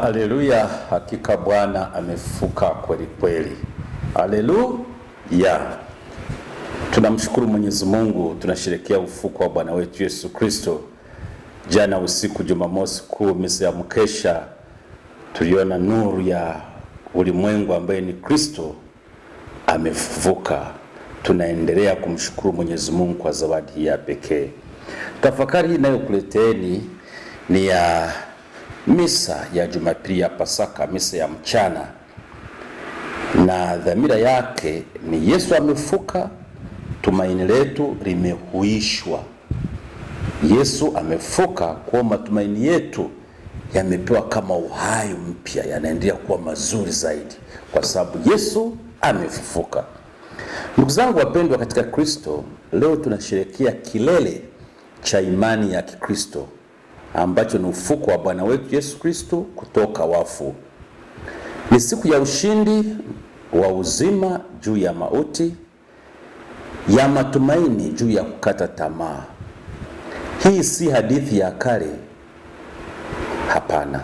Haleluya, Hakika Bwana amefuka kweli kweli, haleluya! Tunamshukuru Mwenyezi Mungu, tunasherekea ufuko wa Bwana wetu Yesu Kristo. Jana usiku Jumamosi Kuu, misa ya mkesha tuliona nuru ya ulimwengu ambaye ni Kristo amefufuka. Tunaendelea kumshukuru Mwenyezi Mungu kwa zawadi ya pekee. Tafakari inayokuleteni ni ya misa ya Jumapili ya Pasaka, misa ya mchana, na dhamira yake ni Yesu amefufuka, tumaini letu limehuishwa. Yesu amefufuka, kwa matumaini yetu yamepewa kama uhai mpya, yanaendelea kuwa mazuri zaidi kwa sababu Yesu amefufuka. Ndugu zangu wapendwa katika Kristo, leo tunasherehekea kilele cha imani ya Kikristo ambacho ni ufuko wa Bwana wetu Yesu Kristo kutoka wafu. Ni siku ya ushindi wa uzima juu ya mauti, ya matumaini juu ya kukata tamaa. Hii si hadithi ya kale Hapana,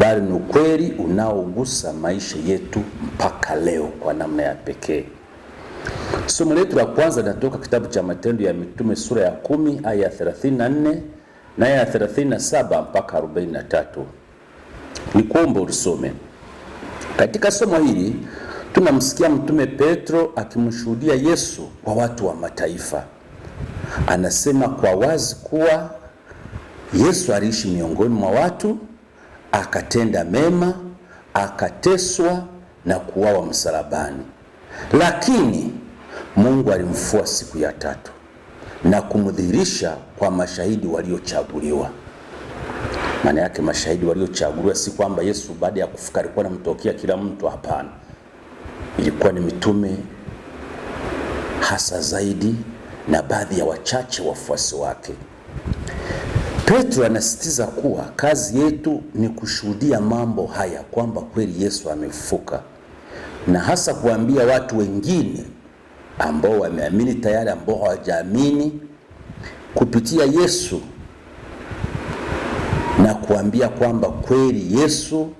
bali ni ukweli unaogusa maisha yetu mpaka leo kwa namna ya pekee. Somo letu la kwanza linatoka kitabu cha Matendo ya Mitume sura ya kumi aya ya 34 na ya 37 mpaka 43. Ni kuomba ulisome. Katika somo hili tunamsikia Mtume Petro akimshuhudia Yesu kwa watu wa mataifa. Anasema kwa wazi kuwa Yesu aliishi miongoni mwa watu, akatenda mema, akateswa na kuwawa msalabani, lakini Mungu alimfua siku ya tatu na kumdhihirisha kwa mashahidi waliochaguliwa. Maana yake mashahidi waliochaguliwa si kwamba Yesu baada ya kufuka alikuwa anamtokea kila mtu, hapana. Ilikuwa ni mitume hasa zaidi na baadhi ya wachache wafuasi wake. Petro anasisitiza kuwa kazi yetu ni kushuhudia mambo haya kwamba kweli Yesu amefufuka, na hasa kuambia watu wengine ambao wameamini tayari, ambao hawajaamini kupitia Yesu, na kuambia kwamba kweli Yesu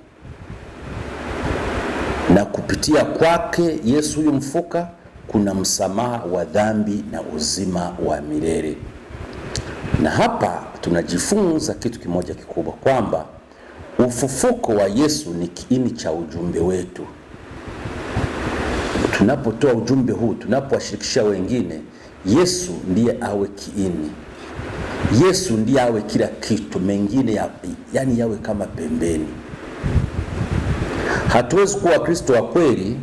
na kupitia kwake Yesu huyu mfuka kuna msamaha wa dhambi na uzima wa milele. Na hapa tunajifunza kitu kimoja kikubwa kwamba ufufuko wa Yesu ni kiini cha ujumbe wetu. Tunapotoa ujumbe huu, tunapowashirikisha wengine, Yesu ndiye awe kiini. Yesu ndiye awe kila kitu, mengine ya, yani yawe kama pembeni. Hatuwezi kuwa kristo wa kweli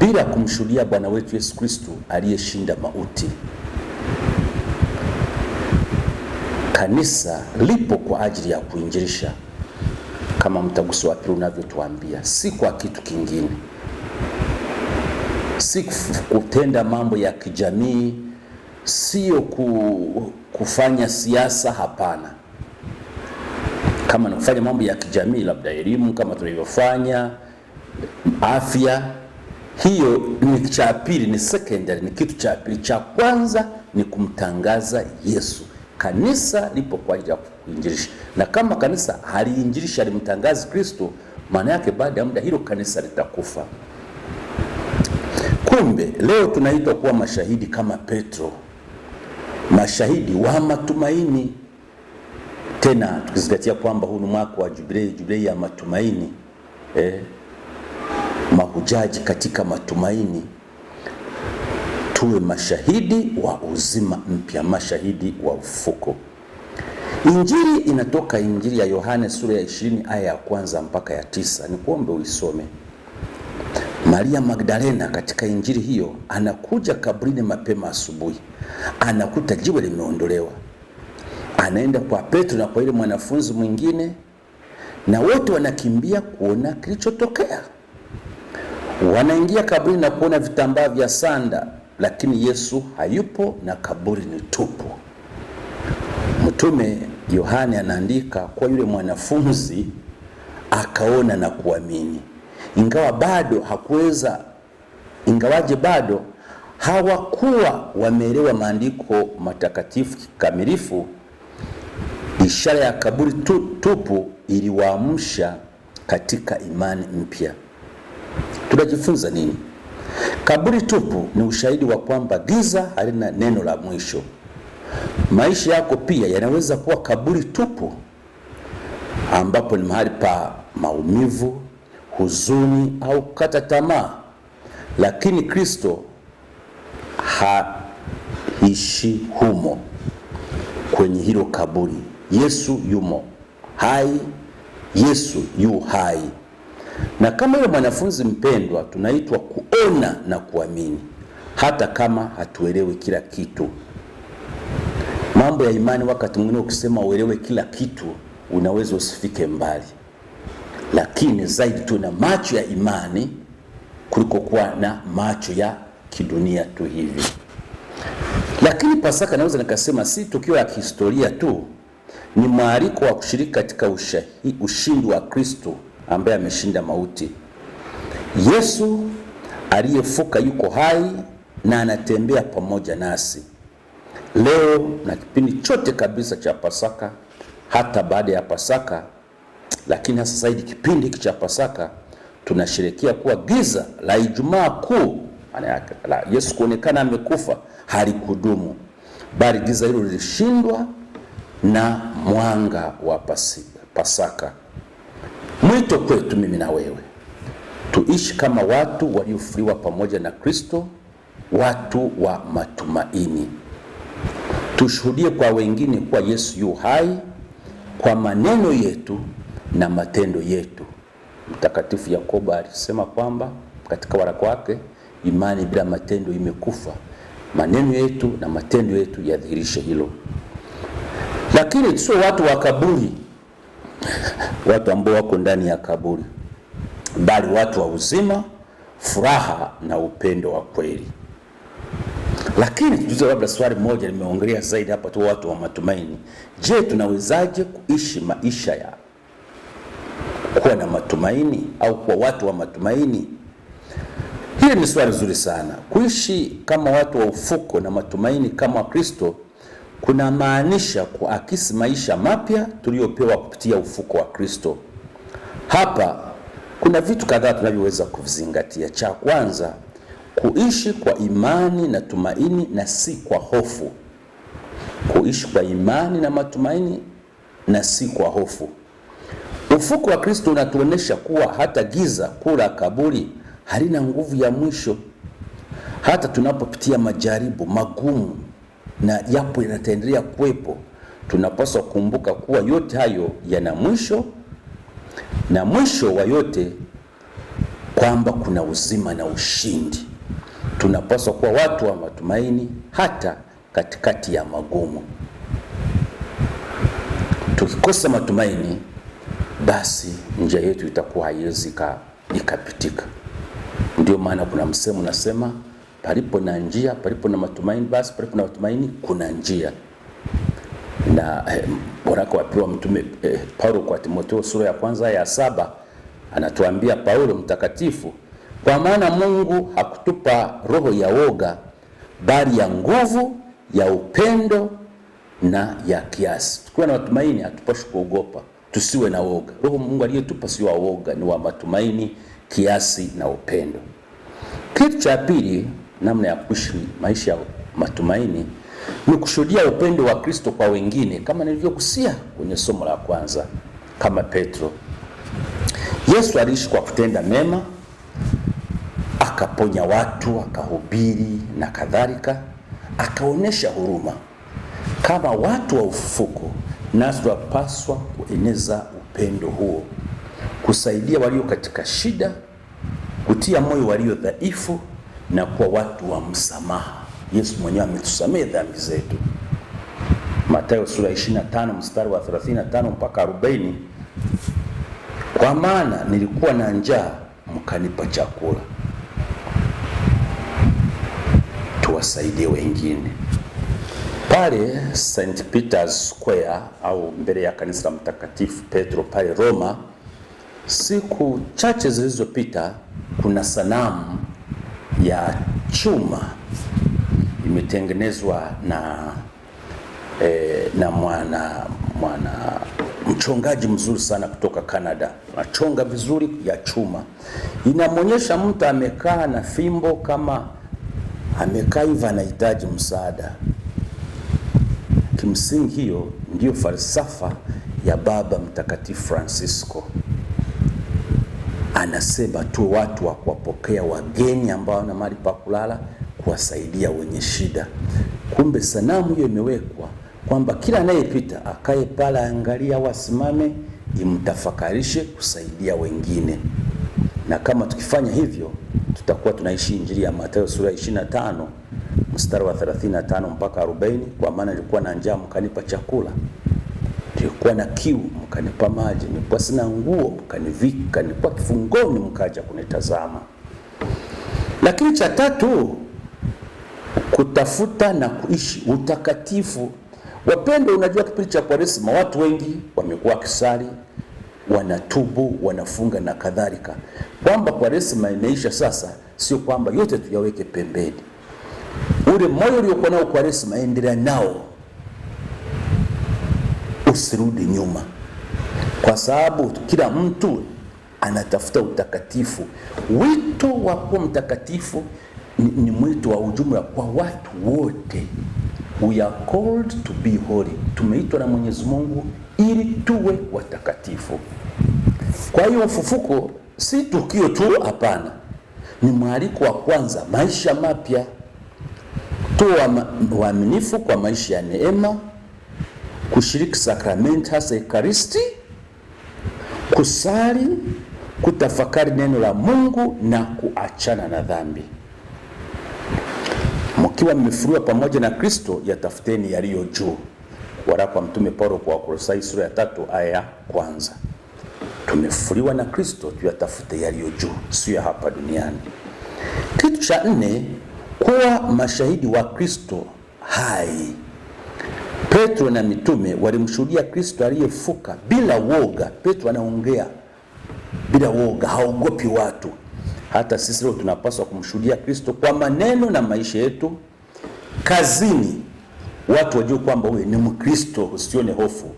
bila kumshuhudia Bwana wetu Yesu Kristo aliyeshinda mauti. kanisa lipo kwa ajili ya kuinjilisha kama mtaguso wa pili unavyotuambia, si kwa kitu kingine, si kutenda mambo ya kijamii, sio kufanya siasa. Hapana, kama ni kufanya mambo ya kijamii, labda elimu kama tulivyofanya, afya, hiyo ni cha pili, ni secondary, ni kitu cha pili. Cha kwanza ni kumtangaza Yesu. Kanisa lipo kwa ajili ya kuinjilisha, na kama kanisa haliinjilishi, halimtangazi Kristo, maana yake baada ya muda hilo kanisa litakufa. Kumbe leo tunaitwa kuwa mashahidi kama Petro, mashahidi wa matumaini, tena tukizingatia kwamba huu ni mwaka wa jubilei, jubilei ya matumaini eh, mahujaji katika matumaini tuwe mashahidi wa uzima mpya, mashahidi wa ufuko. Injili inatoka Injili ya Yohane sura ya 20 aya ya kwanza mpaka ya tisa. Ni kuombe uisome. Maria Magdalena katika injili hiyo anakuja kabrini mapema asubuhi, anakuta jiwe limeondolewa, anaenda kwa Petro na kwa ile mwanafunzi mwingine, na wote wanakimbia kuona kilichotokea. Wanaingia kabrini na kuona vitambaa vya sanda lakini Yesu hayupo na kaburi ni tupu. Mtume Yohane anaandika kwa yule mwanafunzi akaona na kuamini, ingawa bado hakuweza, ingawaje bado hawakuwa wameelewa maandiko matakatifu kikamilifu. Ishara ya kaburi tu, tupu iliwaamsha katika imani mpya. Tunajifunza nini? Kaburi tupu ni ushahidi wa kwamba giza halina neno la mwisho. Maisha yako pia yanaweza kuwa kaburi tupu, ambapo ni mahali pa maumivu, huzuni au kata tamaa, lakini Kristo haishi humo kwenye hilo kaburi. Yesu yumo hai, Yesu yu hai. Na kama yule mwanafunzi mpendwa, tunaitwa kuona na kuamini, hata kama hatuelewi kila kitu. Mambo ya imani, wakati mwingine ukisema uelewe kila kitu, unaweza usifike mbali, lakini zaidi tuna macho ya imani kuliko kuwa na macho ya kidunia tu hivi. Lakini Pasaka naweza nikasema si tukio la kihistoria tu, ni mwaliko wa kushiriki katika ushindi wa Kristo ambaye ameshinda mauti. Yesu aliyefuka yuko hai na anatembea pamoja nasi leo na kipindi chote kabisa cha Pasaka, hata baada ya Pasaka. Lakini hasa zaidi kipindi hiki cha Pasaka tunasherekea kuwa giza la Ijumaa Kuu, maana yake Yesu kuonekana amekufa, halikudumu, bali giza hilo lilishindwa na mwanga wa Pasaka mwito kwetu mimi na wewe tuishi kama watu waliofufuliwa pamoja na Kristo, watu wa matumaini. Tushuhudie kwa wengine kuwa Yesu yu hai kwa maneno yetu na matendo yetu. Mtakatifu Yakobo alisema kwamba katika waraka wake, imani bila matendo imekufa. Maneno yetu na matendo yetu yadhihirishe hilo, lakini sio watu wa kaburi watu ambao wako ndani ya kaburi, bali watu wa uzima, furaha na upendo wa kweli. Lakini tuuze labda swali moja limeongelea zaidi hapa tu, watu wa matumaini. Je, tunawezaje kuishi maisha ya kuwa na matumaini au kuwa watu wa matumaini? Hili ni swali zuri sana. Kuishi kama watu wa ufuko na matumaini kama Kristo kuna maanisha kuakisi maisha mapya tuliyopewa kupitia ufuko wa Kristo. Hapa kuna vitu kadhaa tunavyoweza kuvizingatia. Cha kwanza, kuishi kwa imani na tumaini na si kwa hofu. Kuishi kwa imani na matumaini na si kwa hofu. Ufuko wa Kristo unatuonesha kuwa hata giza kuu la kaburi halina nguvu ya mwisho. Hata tunapopitia majaribu magumu, na yapo yataendelea kuwepo. Tunapaswa kukumbuka kuwa yote hayo yana mwisho na mwisho wa yote kwamba kuna uzima na ushindi. Tunapaswa kuwa watu wa matumaini hata katikati ya magumu. Tukikosa matumaini, basi njia yetu itakuwa haiwezi ikapitika. Ndio maana kuna msemo unasema Palipo na njia, palipo na matumaini, basi palipo na matumaini kuna njia. Na eh, waraka wa pili wa mtume eh, Paulo kwa Timotheo sura ya kwanza ya saba anatuambia Paulo mtakatifu, kwa maana Mungu hakutupa roho ya woga, bali ya nguvu, ya upendo na ya kiasi. Tukiwa na matumaini, hatupashi kuogopa, tusiwe na woga. Roho Mungu aliyetupa si wa woga, ni wa matumaini, kiasi na upendo. Kitu cha pili namna ya kuishi maisha ya matumaini ni kushuhudia upendo wa Kristo kwa wengine, kama nilivyokusia kwenye somo la kwanza. Kama Petro, Yesu aliishi kwa kutenda mema, akaponya watu, akahubiri na kadhalika, akaonyesha huruma. Kama watu wa ufufuko, nasi tunapaswa kueneza upendo huo, kusaidia walio katika shida, kutia moyo walio dhaifu na kwa watu wa msamaha. Yesu mwenyewe ametusamehe dhambi zetu. Mathayo sura 25 mstari wa 35 mpaka 40, kwa maana nilikuwa na njaa mkanipa chakula. Tuwasaidie wengine. Pale St Peter's Square au mbele ya kanisa la Mtakatifu Petro pale Roma, siku chache zilizopita, kuna sanamu ya chuma imetengenezwa na e, na mwana mwana mchongaji mzuri sana kutoka Canada, anachonga vizuri ya chuma. Inamwonyesha mtu amekaa na fimbo kama amekaa hivyo, anahitaji msaada. Kimsingi hiyo ndiyo falsafa ya Baba Mtakatifu Francisco anasema tu watu wa kuwapokea wageni ambao wana mali pa kulala, kuwasaidia wenye shida. Kumbe sanamu hiyo imewekwa kwamba kila anayepita akae pale, angalia, wasimame, imtafakarishe kusaidia wengine. Na kama tukifanya hivyo, tutakuwa tunaishi injili ya Mathayo sura ya 25 mstari wa 35 mpaka 40, kwa maana nilikuwa na njaa mkanipa chakula nilikuwa na kiu mkanipa maji, nilikuwa sina nguo mkanivika, nilikuwa kifungoni mkaja kunitazama. Lakini cha tatu, kutafuta na kuishi utakatifu. Wapendwa, unajua kipindi cha Kwaresma watu wengi wamekuwa kisali, wanatubu, wanafunga na kadhalika, kwamba Kwaresma imeisha sasa. Sio kwamba yote tuyaweke pembeni, ule moyo uliokuwa nao Kwaresma endelea nao usirudi nyuma, kwa sababu kila mtu anatafuta utakatifu. Wito wa kuwa mtakatifu ni, ni mwito wa ujumla kwa watu wote. We are called to be holy, tumeitwa na Mwenyezi Mungu ili tuwe watakatifu. Kwa hiyo ufufuko si tukio tu, hapana, ni mwaliko wa kwanza, maisha mapya. Tuwe waaminifu kwa maisha ya neema kushiriki sakramenti hasa Ekaristi, kusali, kutafakari neno la Mungu na kuachana na dhambi. Mkiwa mmefufuliwa pamoja na Kristo, yatafuteni yaliyo juu. Waraka wa Mtume Paulo kwa Wakolosai sura ya tatu aya ya kwanza. Tumefufuliwa na Kristo, tuyatafute yaliyo juu, sio ya hapa duniani. Kitu cha nne, kuwa mashahidi wa Kristo hai. Petro na mitume walimshuhudia Kristo aliyefuka bila woga. Petro anaongea bila woga, haogopi watu. Hata sisi leo tunapaswa kumshuhudia Kristo kwa maneno na maisha yetu, kazini, watu wajue kwamba wewe ni Mkristo, usione hofu.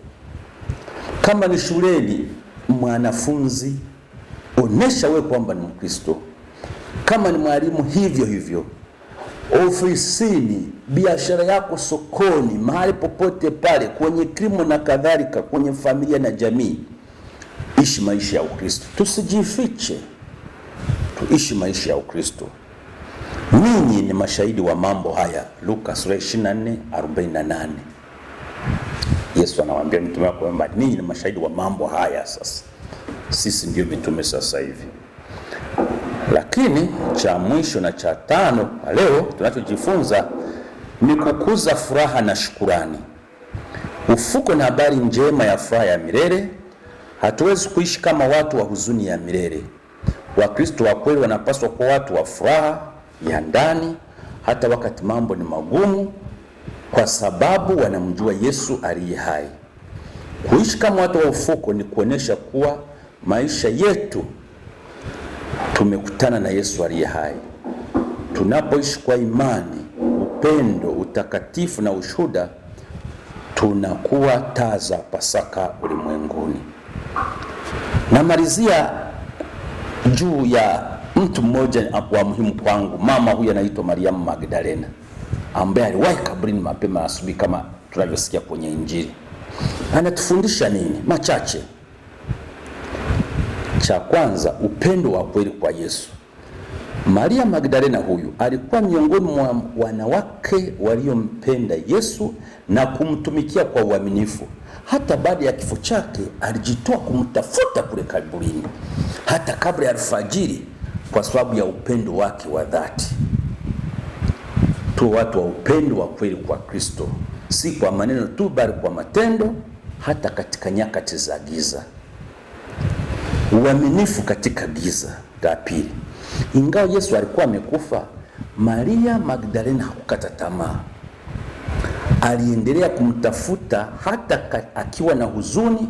Kama ni shuleni, mwanafunzi, onesha wewe kwamba ni Mkristo. Kama ni mwalimu, hivyo hivyo ofisini, biashara yako, sokoni, mahali popote pale, kwenye kilimo na kadhalika, kwenye familia na jamii. Ishi maisha ya Ukristo, tusijifiche, tuishi maisha ya Ukristo. Ninyi ni mashahidi wa mambo haya, Luka sura 24 48. Yesu anawaambia mitume wake kwamba ninyi ni mashahidi wa mambo haya. Sasa sisi ndio mitume sasa hivi. Lakini cha mwisho na cha tano kwa leo tunachojifunza ni kukuza furaha na shukurani. Ufuko na habari njema ya furaha ya milele. Hatuwezi kuishi kama watu wa huzuni ya milele. Wakristo wa kweli wanapaswa kuwa watu wa furaha ya ndani hata wakati mambo ni magumu, kwa sababu wanamjua Yesu aliye hai. Kuishi kama watu wa ufuko ni kuonesha kuwa maisha yetu tumekutana na Yesu aliye hai. Tunapoishi kwa imani, upendo, utakatifu na ushuhuda, tunakuwa taa za Pasaka ulimwenguni. Namalizia juu ya mtu mmoja wa muhimu kwangu. Mama huyu anaitwa Mariamu Magdalena ambaye aliwahi kabrini mapema asubuhi, kama tunavyosikia kwenye Injili. Anatufundisha nini? Machache. Cha kwanza, upendo wa kweli kwa Yesu. Maria Magdalena huyu alikuwa miongoni mwa wanawake waliompenda Yesu na kumtumikia kwa uaminifu. Hata baada ya kifo chake alijitoa kumtafuta kule kaburini, hata kabla ya alfajiri, kwa sababu ya upendo wake wa dhati. Tu watu wa upendo wa kweli kwa Kristo, si kwa maneno tu, bali kwa matendo, hata katika nyakati za giza uaminifu katika giza la pili. Ingawa Yesu alikuwa amekufa, Maria Magdalena hakukata tamaa. Aliendelea kumtafuta hata akiwa na huzuni,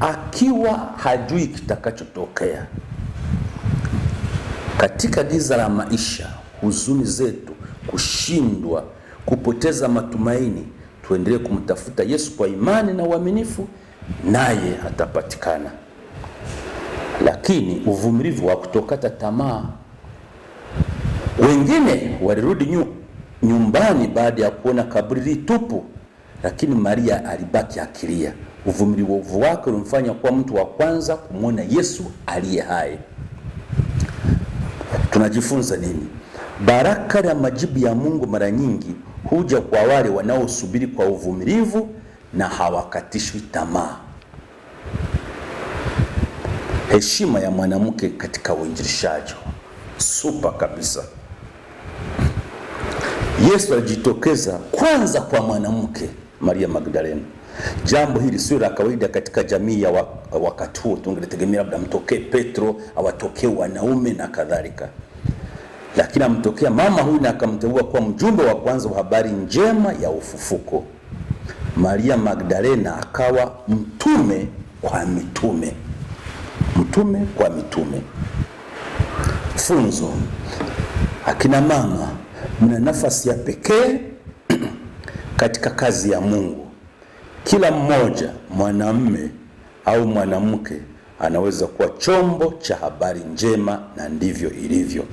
akiwa hajui kitakachotokea. Katika giza la maisha, huzuni zetu, kushindwa, kupoteza matumaini, tuendelee kumtafuta Yesu kwa imani na uaminifu, naye atapatikana lakini uvumilivu wa kutokata tamaa. Wengine walirudi nyumbani baada ya kuona kaburi tupu, lakini Maria alibaki akilia. Uvumilivu wake ulimfanya kuwa mtu wa kwanza kumwona Yesu aliye hai. Tunajifunza nini? Baraka la majibu ya Mungu mara nyingi huja kwa wale wanaosubiri kwa uvumilivu na hawakatishwi tamaa heshima ya mwanamke katika uinjilishaji. Supa kabisa. Yesu alijitokeza kwanza kwa mwanamke Maria Magdalena. Jambo hili sio la kawaida katika jamii ya wakati huo. Tungetegemea labda mtokee Petro, awatokee wanaume na kadhalika, lakini amtokea mama huyu na akamteua kuwa mjumbe wa kwanza wa habari njema ya ufufuko. Maria Magdalena akawa mtume kwa mitume mitume kwa mitume. Funzo: akina mama, mna nafasi ya pekee katika kazi ya Mungu. Kila mmoja, mwanamme au mwanamke, anaweza kuwa chombo cha habari njema, na ndivyo ilivyo.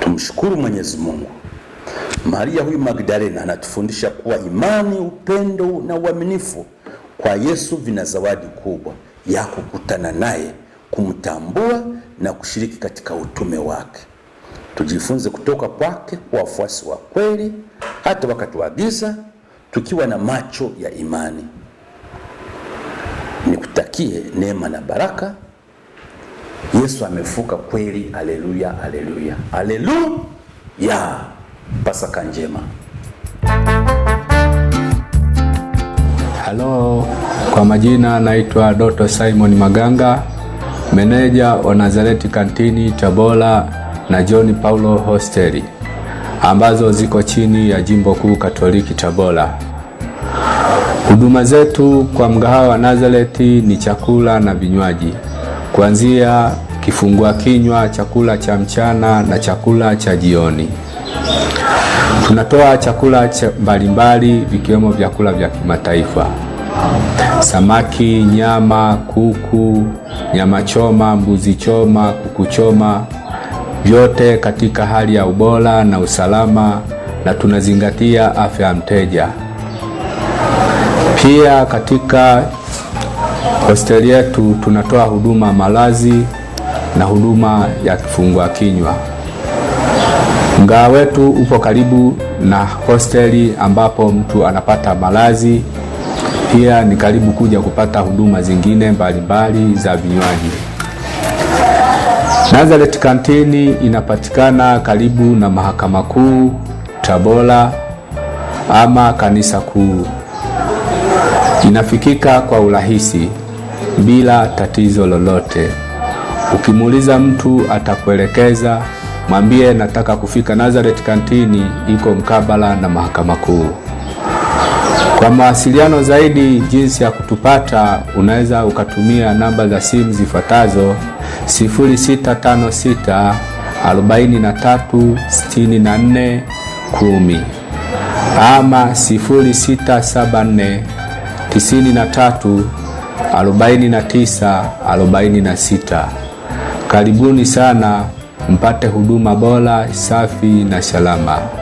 Tumshukuru Mwenyezi Mungu. Maria huyu Magdalena anatufundisha kuwa imani, upendo na uaminifu kwa Yesu vina zawadi kubwa ya kukutana naye, kumtambua na kushiriki katika utume wake. Tujifunze kutoka kwake kwa wafuasi wa kweli, hata wakati wa giza, tukiwa na macho ya imani. Nikutakie neema na baraka. Yesu amefuka kweli. Aleluya, aleluya, aleluya! Pasaka njema. Halo, kwa majina naitwa Doto Simon Maganga, meneja wa Nazareti Kantini Tabora na John Paulo Hosteli ambazo ziko chini ya Jimbo Kuu Katoliki Tabora. Huduma zetu kwa mgahawa wa Nazareti ni chakula na vinywaji kuanzia kifungua kinywa, chakula cha mchana na chakula cha jioni. Tunatoa chakula mbalimbali vikiwemo vyakula vya kimataifa: samaki, nyama, kuku, nyama choma, mbuzi choma, kuku choma, vyote katika hali ya ubora na usalama, na tunazingatia afya ya mteja. Pia katika hosteli yetu tunatoa huduma malazi na huduma ya kifungua kinywa. Mgahawa wetu upo karibu na hosteli ambapo mtu anapata malazi, pia ni karibu kuja kupata huduma zingine mbalimbali za vinywaji. Nazareth Kantini inapatikana karibu na Mahakama Kuu, Tabora ama Kanisa Kuu. Inafikika kwa urahisi bila tatizo lolote. Ukimuuliza mtu atakuelekeza mwambie nataka kufika Nazareth, kantini iko mkabala na mahakama kuu. Kwa mawasiliano zaidi, jinsi ya kutupata, unaweza ukatumia namba za simu zifuatazo: 0656 43 ama 0674 93 49 46. Karibuni sana mpate huduma bora, safi na salama.